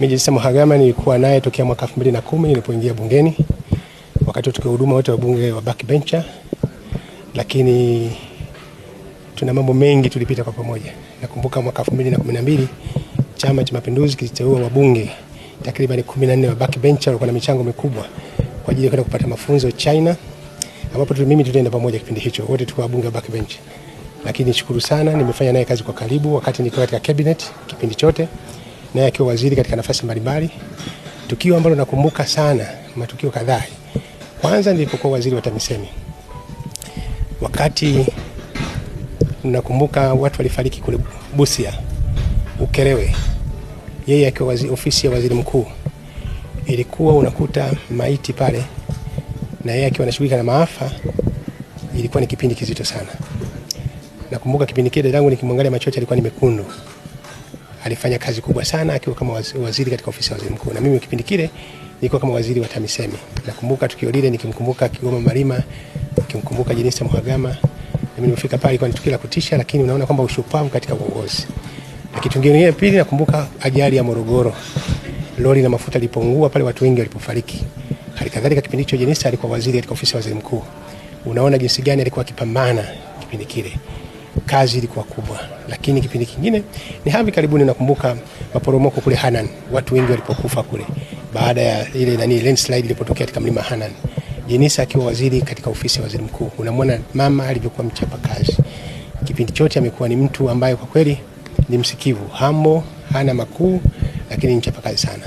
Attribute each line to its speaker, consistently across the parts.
Speaker 1: Mjilisa Mhagama nilikuwa naye tokea mwaka 2010 nilipoingia bungeni, wakati tukiwa huduma wote wa bunge wa backbencher, lakini tuna mambo mengi tulipita kwa pamoja. Nakumbuka mwaka 2012 Chama cha Mapinduzi kiliteua wabunge takriban 14 wa backbencher walikuwa na michango mikubwa kwa ajili ya kwenda kupata mafunzo China, ambapo tu mimi tulienda pamoja kipindi hicho, wote tulikuwa wabunge wa backbencher. Lakini shukuru sana, nimefanya naye kazi kwa karibu wakati nikiwa katika cabinet kipindi chote naye akiwa waziri katika nafasi mbalimbali. Tukio ambalo nakumbuka sana, matukio kadhaa. Kwanza nilipokuwa waziri wa TAMISEMI, wakati nakumbuka watu walifariki kule Busia Ukerewe, yeye akiwa ofisi ya waziri mkuu, ilikuwa unakuta maiti pale na yeye akiwa anashughulika na maafa. Ilikuwa ni kipindi kizito sana. Nakumbuka kipindi kile dadangu nikimwangalia macho yake alikuwa ni mekundu alifanya kazi kubwa sana akiwa kama waziri katika ofisi ya waziri mkuu, na mimi kipindi kile nilikuwa kama waziri wa TAMISEMI. Nakumbuka tukio lile nikimkumbuka Kigoma Malima, nikimkumbuka Jenista Mhagama. Mimi nilifika pale kwa tukio la kutisha, lakini unaona kwamba ushupavu katika uongozi. Na kitu kingine pili, nakumbuka ajali ya Morogoro, lori la mafuta lilipoungua pale, watu wengi walipofariki. Halikadhalika kipindi hicho Jenista alikuwa waziri katika ofisi ya waziri mkuu. Unaona jinsi gani alikuwa akipambana kipindi kile kazi ilikuwa kubwa. Lakini kipindi kingine ni hivi karibuni, nakumbuka maporomoko kule Hanan, watu wengi walipokufa kule baada ya ile nani landslide ilipotokea katika mlima Hanan. Jenista akiwa waziri katika ofisi ya waziri mkuu, unamwona mama alivyokuwa mchapa kazi. Kipindi chote amekuwa ni mtu ambaye kwa kweli ni msikivu, hambo, hana makuu, lakini ni mchapa kazi sana.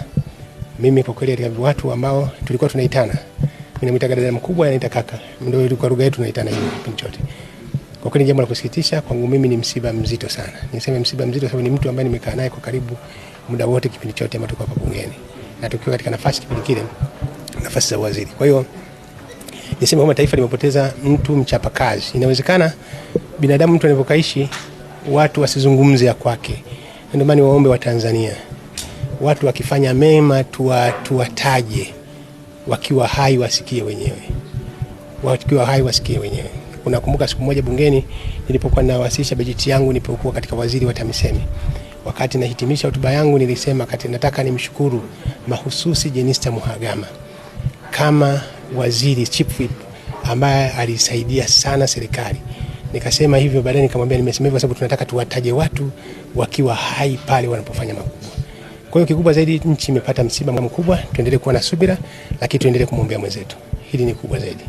Speaker 1: Mimi kwa kweli katika watu ambao tulikuwa tunaitana, mimi namwita dada mkubwa, anaita kaka, ndio ilikuwa lugha yetu tunaitana hiyo kipindi chote. Kwa kweli jambo la kusikitisha kwangu mimi, ni msiba mzito sana. Niseme msiba mzito sababu ni mtu ambaye nimekaa naye kwa karibu muda wote, kipindi chote ambacho tuko hapa bungeni na tukiwa katika nafasi kipindi kile, nafasi za waziri. Kwa hiyo niseme kwamba taifa limepoteza mtu mchapakazi. Inawezekana binadamu, mtu anapokaishi, watu wasizungumze ya kwake. Ndio maana waombe wa Tanzania, watu wakifanya mema tuwataje, wakiwa hai wasikie wenyewe, wakiwa hai wasikie wenyewe. Unakumbuka siku moja bungeni nilipokuwa ninawasilisha bajeti yangu nilipokuwa katika waziri wa TAMISEMI, wakati nahitimisha hotuba yangu nilisema kati, nataka nimshukuru mahususi Jenista Muhagama kama waziri chief whip ambaye alisaidia sana serikali. Nikasema hivyo, baadaye nikamwambia nimesema hivyo kwa sababu tunataka tuwataje watu wakiwa hai pale wanapofanya makubwa. Kwa hiyo kikubwa zaidi, nchi imepata msiba mkubwa, tuendelee kuwa na subira, lakini tuendelee kumwombea mwenzetu. Hili ni kubwa zaidi.